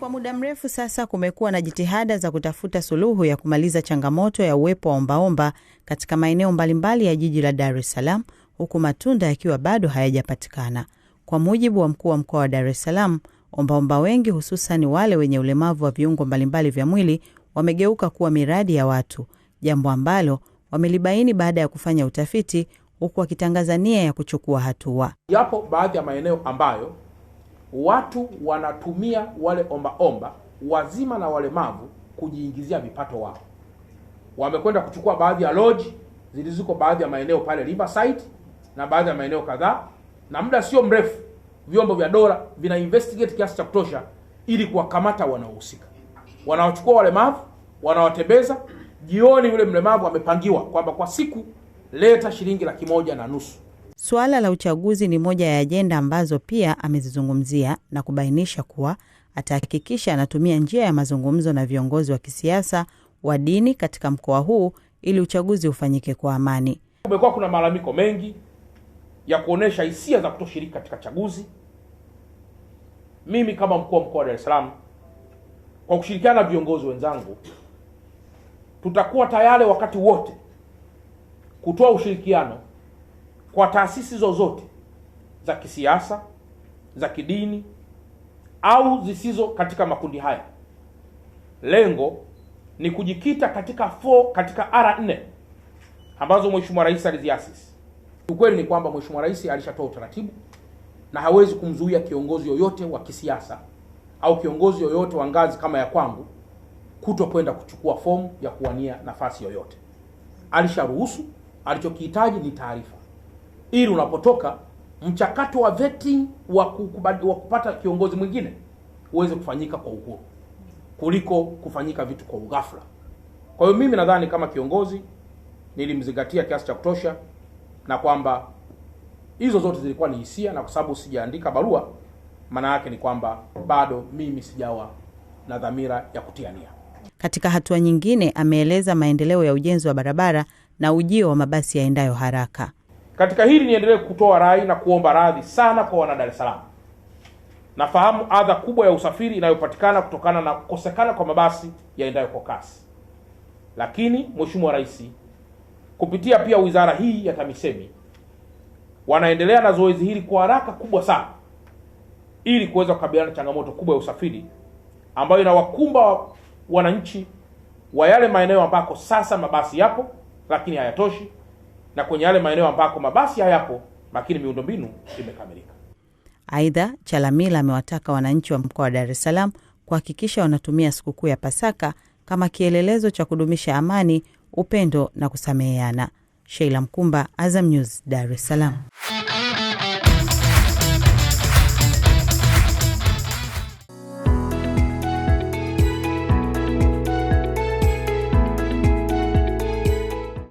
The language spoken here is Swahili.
Kwa muda mrefu sasa kumekuwa na jitihada za kutafuta suluhu ya kumaliza changamoto ya uwepo wa ombaomba katika maeneo mbalimbali ya jiji la Dar es Salaam, huku matunda yakiwa bado hayajapatikana. Kwa mujibu wa mkuu wa mkoa wa Dar es Salaam, ombaomba wengi, hususan wale wenye ulemavu wa viungo mbalimbali vya mwili, wamegeuka kuwa miradi ya watu, jambo ambalo wamelibaini baada ya kufanya utafiti, huku wakitangaza nia ya kuchukua hatua. Yapo baadhi ya maeneo ambayo watu wanatumia wale ombaomba wazima na walemavu kujiingizia vipato wao. Wamekwenda kuchukua baadhi ya lodge zilizoko baadhi ya maeneo pale Riverside na baadhi ya maeneo kadhaa, na muda sio mrefu vyombo vya dola vina investigate kiasi cha kutosha ili kuwakamata wanaohusika. Wanaochukua walemavu, wanawatembeza. Jioni yule mlemavu amepangiwa kwamba kwa siku leta shilingi laki moja na nusu Suala la uchaguzi ni moja ya ajenda ambazo pia amezizungumzia na kubainisha kuwa atahakikisha anatumia njia ya mazungumzo na viongozi wa kisiasa wa dini katika mkoa huu ili uchaguzi ufanyike kwa amani. Kumekuwa kuna malalamiko mengi ya kuonyesha hisia za kutoshiriki katika chaguzi. Mimi kama mkuu wa mkoa wa Dar es Salaam, kwa kushirikiana na viongozi wenzangu, tutakuwa tayari wakati wote kutoa ushirikiano kwa taasisi zozote za kisiasa, za kidini au zisizo katika makundi haya. Lengo ni kujikita katika four, katika R 4 ambazo Mheshimiwa Rais aliziasisi. Ukweli ni kwamba Mheshimiwa Rais alishatoa utaratibu na hawezi kumzuia kiongozi yoyote wa kisiasa au kiongozi yoyote wa ngazi kama ya kwangu kuto kwenda kuchukua fomu ya kuwania nafasi yoyote. Alisharuhusu, alichokihitaji ni taarifa ili unapotoka mchakato wa vetting wa, wa kupata kiongozi mwingine uweze kufanyika kwa uhuru kuliko kufanyika vitu kwa ughafla. Kwa hiyo mimi nadhani kama kiongozi nilimzingatia kiasi cha kutosha, na kwamba hizo zote zilikuwa ni hisia, na kwa sababu sijaandika barua, maana yake ni kwamba bado mimi sijawa na dhamira ya kutia nia. Katika hatua nyingine, ameeleza maendeleo ya ujenzi wa barabara na ujio wa mabasi yaendayo haraka. Katika hili niendelee kutoa rai na kuomba radhi sana kwa wana Dar es Salaam. Nafahamu adha kubwa ya usafiri inayopatikana kutokana na kukosekana kwa mabasi yaendayo kwa kasi, lakini Mheshimiwa Rais kupitia pia wizara hii ya TAMISEMI wanaendelea na zoezi hili kwa haraka kubwa sana ili kuweza kukabiliana na changamoto kubwa ya usafiri ambayo inawakumba wananchi wa yale maeneo ambako sasa mabasi yapo lakini hayatoshi na kwenye yale maeneo ambako mabasi hayapo, lakini miundombinu imekamilika. Aidha, Chalamila amewataka wananchi wa mkoa wa Dar es Salaam kuhakikisha wanatumia sikukuu ya Pasaka kama kielelezo cha kudumisha amani, upendo na kusameheana. Sheila Mkumba, Azam News, Dar es Salaam.